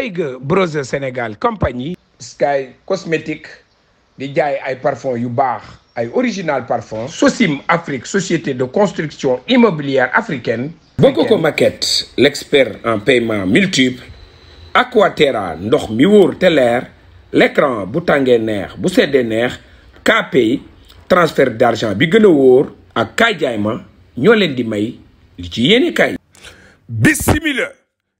Tiger Brother Sénégal compagnie Sky cosmétique di jaay ay parfum yu baax ay original parfum Sosim société de construction immobilière africaine Bococo Maquette l'expert en paiement multiple Aquaterra ndox mi wóor te leer l'écran bu tàngee neex bu seddee neex KPay transfert d'argent bi gën a wóor ak kaay ma ñoo leen di may li ci yéene kaay bisimila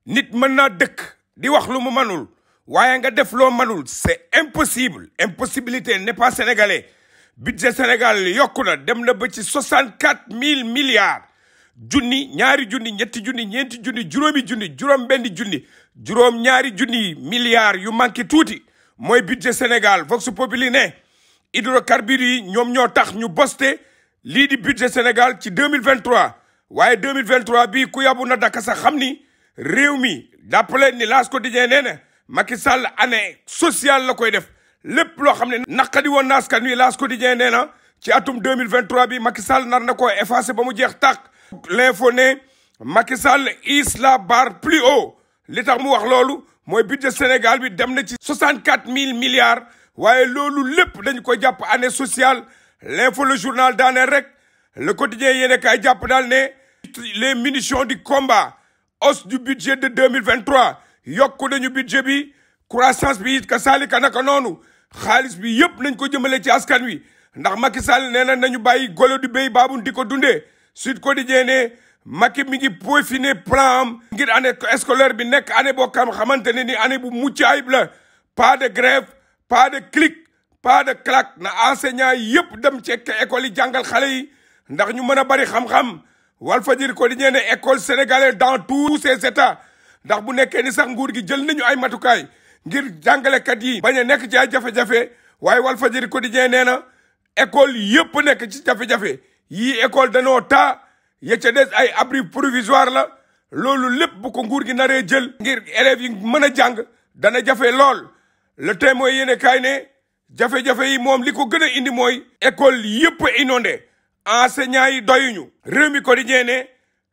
nit mën naa dëkk di wax lu mu manul waaye nga def loo mënul c'est impossible impossibilité n'est pas sénégalais budget Sénégal yokku na dem na ba ci soixante-quatre mille milliards junni ñaari junni ñetti junni ñeenti junni juróomi junni juróom benn junni juróom ñaari junni milliards yu manqué tuuti mooy budget Sénégal Vox Populi ne hydrocarbures yi ñoom ñoo tax ñu boste lii di budget Sénégal ci 2023 waaye 2023 bii ku yabu na daka sax xam ni réew mi jàpp leen ni laas quotidien nee na Macky Sall année social la koy def lépp loo xam ne naqadi woon na askan wi laas quotidien nee na ci atum 2023 bi Macky Sall nar na ko effacé ba mu jeex tàq fo ne Macky Sall is la bar plus haut li tax mu wax loolu mooy budget Sénégal bi dem na ci 64 mille milliards waaye loolu lépp dañu ko jàpp année sociale l'info le journal daaneel rek le quotidien yéen a kaay jàpp daal ne les munitions du combat hausse du budget de 2023 yokku nañu budget bi croissance bi it ka saalika naka noonu xaalis bi yëpp nañ ko jëmale ci askan wi ndax Macky Sall nee na nañu bàyyi golo du béy baabun di ko dundee Sud di ne Macky mi ngi peaufiner plan am ngir année scolaire bi nekk année boo kam xamante ne ni année bu mucc ayib la pas de grève pas de clic pas de claque na enseignant yëpp dem ci école yi jàngal xale yi ndax ñu mën a bari xam-xam Walfadjri quotidien ne école sénégalaise dans tous ses états ndax bu nekkee ni sax nguur gi jël nañu ay matukaay ngir jàngalekat yi bañ a nekk ci jafe-jafe waaye Walfadjri quotidien nee na école yëpp nekk ci jafe-jafe yii école danoo taa ya ca des ay abri provisoire la loolu lépp bu ko nguur gi naree jël ngir élèves yi mën a jàng dana jafe lool le temo yéene kaay ne jafe-jafe yi moom li ko gën a indi mooy école yëpp inonde enseignants yi doyuñu réew mi ko quotidien ne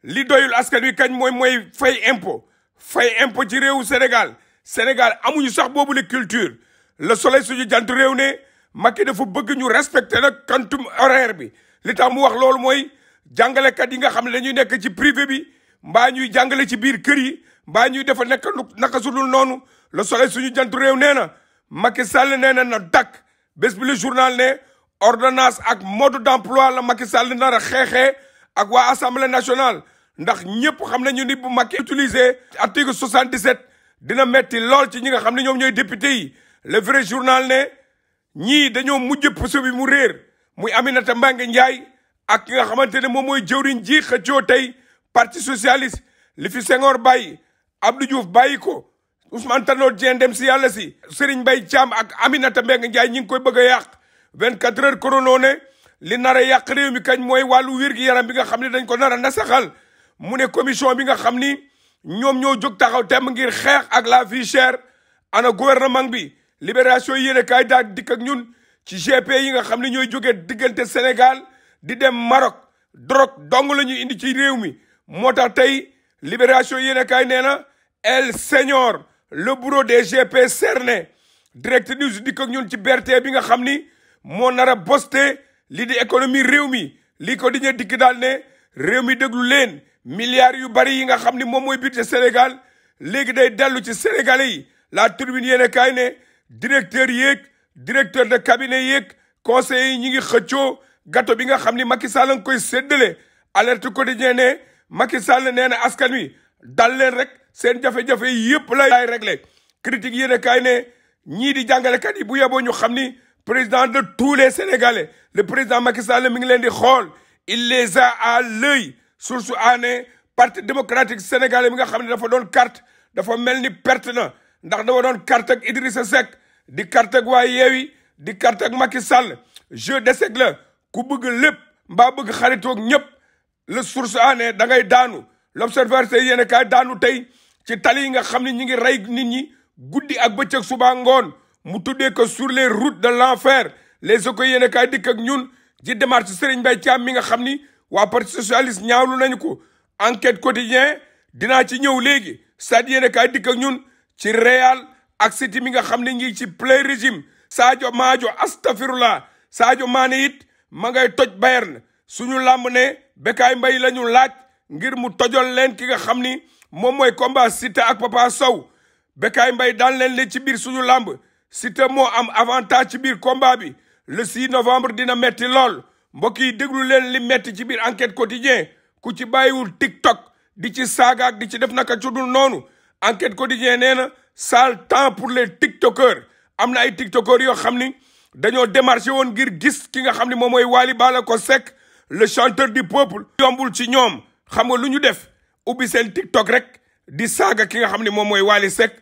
li doyul askan wi kañ mooy mooy fay impôt fay impôt ci réewu Sénégal Sénégal amuñu sax boobu la culture la soleil suñu jant réew ne Macky dafa bëgg ñu respecter nag quantum horaire bi li tax mu wax loolu mooy jàngalekat yi nga xam ne dañuy nekk ci privé bi mbaa ñuy jàngale ci biir kër yi mbaa ñuy defa nekk naka su noonu la soleil suñu jantu réew nee na Macky Sall nee na na dakk bés bi le journal ne ordonnance ak mode d'emploi la Macky Sall nar a ak waa assemblée nationale ndax ñëpp xam nañu ni bu Macky utilisé article 77 dina metti lool ci ñi nga xam ne ñoom ñooy député yi le vrai journal ne ñii dañoo mu puso bi mu réer muy Aminata Mbengue Ndiaye ak ki nga xamante ne moom mooy jëwriñ ji xëccoo tey parti socialiste li fi Senghor bàyyi Abdou Diouf bàyyi ko Ousmane Tanor Dieng dem si yàlla si Serigne Mbaye Thiam ak Aminata Mbengue Ndiaye ñi ngi koy bëgg a yàq 24 heures chrono ne li nar a yàq réew mi kañ mooy wàllu wér yaram bi nga xam ne dañ ko nar a nasaxal mu ne commission bi nga xam ni ñoom ñoo jóg taxaw temm ngir ak la vie chère ana gouvernement bi libération yéene kaay daal dikk ak ñun ci GP yi nga xam ne ñooy jógee diggante Sénégal di dem Maroc drogue dong la ñuy indi ci réew mi moo tax tey libération yéene kaay nee na El Señor le bureau des GP cerné direct news dikk ak ñun ci berte bi nga xam ni moo nara a boste lii de économie réew mi lii ko di ñu dikk daal ne réew mi déglu leen milliards yu bari yi nga xam ni moom mooy budget Sénégal léegi day dellu ci sénégalais yi la tribune yéen kaay ne directeur yéeg directeur de cabinet yéeg conseillers yi ñi ngi xëccoo gato bi nga xam ni Macky Sall nga koy séddale alerte quotidien ne Macky Sall nee na askan wi dal leen rek seen jafe-jafe yëpp lay regle critique yéen kaay ne ñii di jàngalekat yi bu yeboo ñu xam ni président de tous les sénégalais le président Macky Sall mi ngi leen di xool il les a à l'œil source année parti démocratique sénégalais mi nga xam ne dafa doon carte dafa mel ni perte na ndax dafa doon carte ak Idrissa Seck di carte ak waa Yewwi di carte ak Sall jeu d'échec la ku bëgg lépp mbaa bëgg xaritoog ñëpp le source année da ngay daanu l'observateur yéen a kaay daanu tey ci tali yi nga xam ne ñi ngi rey nit ñi guddi ak bëccëg suba ngoon mu tuddee ko sur les routes de l'enfer les eco yéen a kaay dikk ak ñun ci démarche Serigne Mbaye Thiam mi nga xam ni waa parti socialiste ñaawlu nañu ko enquête quotidien dinaa ci ñëw léegi stade yéen a kaay ak ñun ci Real ak City mi nga xam ne ngi ci plein régime Sadio Maajo astafirullah saajo Mané it ma ngay toj Bayern suñu làmb ne Bécaye mbay la ñu laaj ngir mu tojol leen ki nga xam ni moom mooy combat Siteu ak Papa Sow Bécaye Mbaye daal leen le ci biir suñu làmb Siteu moo am avantage ci biir combat bi le 6 novembre dina metti lool mbokk yi déglu leen li metti ci biir enquête quotidien ku ci bàyyiwul tiktok di ci saaga di ci def naka ci dul noonu enquête quotidien nee na sale temps pour les tiktokers am na ay tiktokers yoo xam ni dañoo démarché woon ngir gis ki nga xam ni moom mooy Wally Ballago sek le chanteur du peuple yombul ci ñoom xam nga lu ñu def ubbi seen tiktok rek di saaga ki nga xam ni moom mooy Wally Seck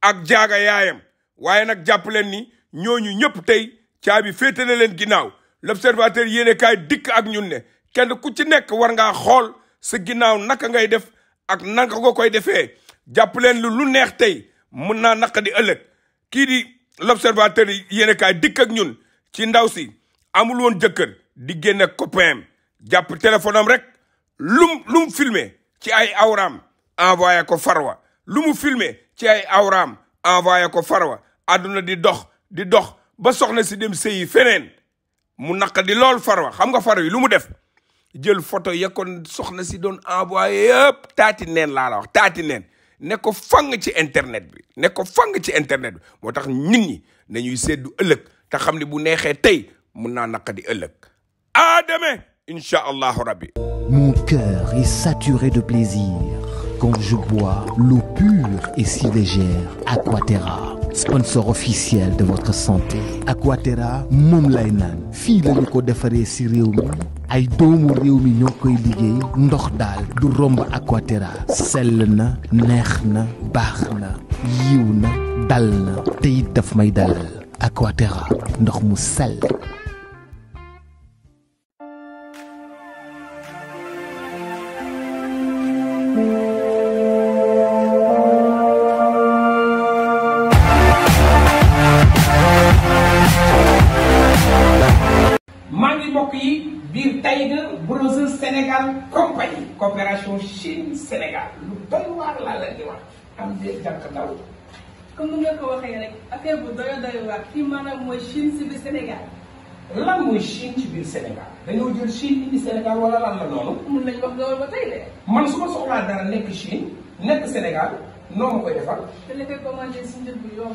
ak jaaga yaayam waaye nag jàpp leen ni ñooñu ñëpp tey caabi féete ne leen ginnaaw l'observateur yéene kaay dikk ak ñun ne kenn ku ci nekk war ngaa xool sa ginnaaw naka ngay def ak naka nga koy defee jàpp leen lu neex tey mun naa naq di ëllëg kii di l'observateur yéene kaay dikk ak ñun ci ndaw si amul woon jëkkër di génne copain jàpp téléphone am rek lum lu mu ci ay awraam envoyé ko farwa lu mu filmé ci ay awraam envoyé ko farwa àdduna di dox di dox ba soxna si dem sëyi feneen mu naq di lool farwa xam nga farwi lu mu def jël foto ya kon soxna si doon envoyé yëpp taati neen laa wax taati neen ne ko ci internet bi ne ko fang ci internet bi moo tax nit ñi nañuy seddu ëllëg te xam ne bu neexee tey mun naa naqadi ëllëg aadame demain incha allahu rabbi mon cœur est saturé de plaisir quand je bois l'eau pure et si légère Aquaterra sponsor officiel de votre santé Aquaterra moom lay naan fii lañu ko defaree ci réew mi ay doomu réew mi ñoo koy liggéey ndox daal du romb Aquaterra sell na neex na baax na yiw na dal na te it daf may dalal Aquaterra ndox mu sell Sénégal lu doy waar laa leen di wax am déeg jànk ndaw comme ni nga ko waxee rek affaire bu doy doy waar fii mooy Chine ci biir Sénégal lan mooy Chine ci biir Sénégal dañoo jël Chine indi Sénégal wala lan la noonu mun nañ wax loolu ba tey de man su ma soxlaa dara nekk Chine nekk Sénégal noo ma koy defal te la koy commandé si njël bu yomb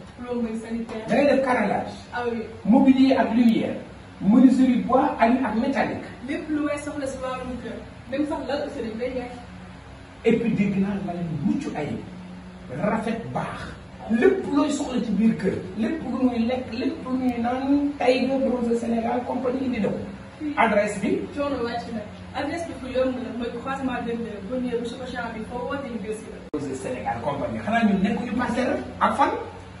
plomberie sanitaire. da ngay def carrelage. ah oui mobilier ak lumière. menuiserie bois alu ak métallique. lépp lu may soxla si wàllum kër. même sax lal la leen mucc ayib rafet baax. lépp looy soxla ci biir kër. lépp lu muy lekk lépp lu naan tay nga Sénégal compagnie di daw. adresse bi. bi fu yomb la mooy croisement Dendé ba néew bi foo wootee ñu gëstu la. Rose ak fan.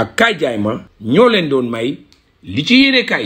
ak kaay jaay ma ñoo leen doon may li ci yéene kaay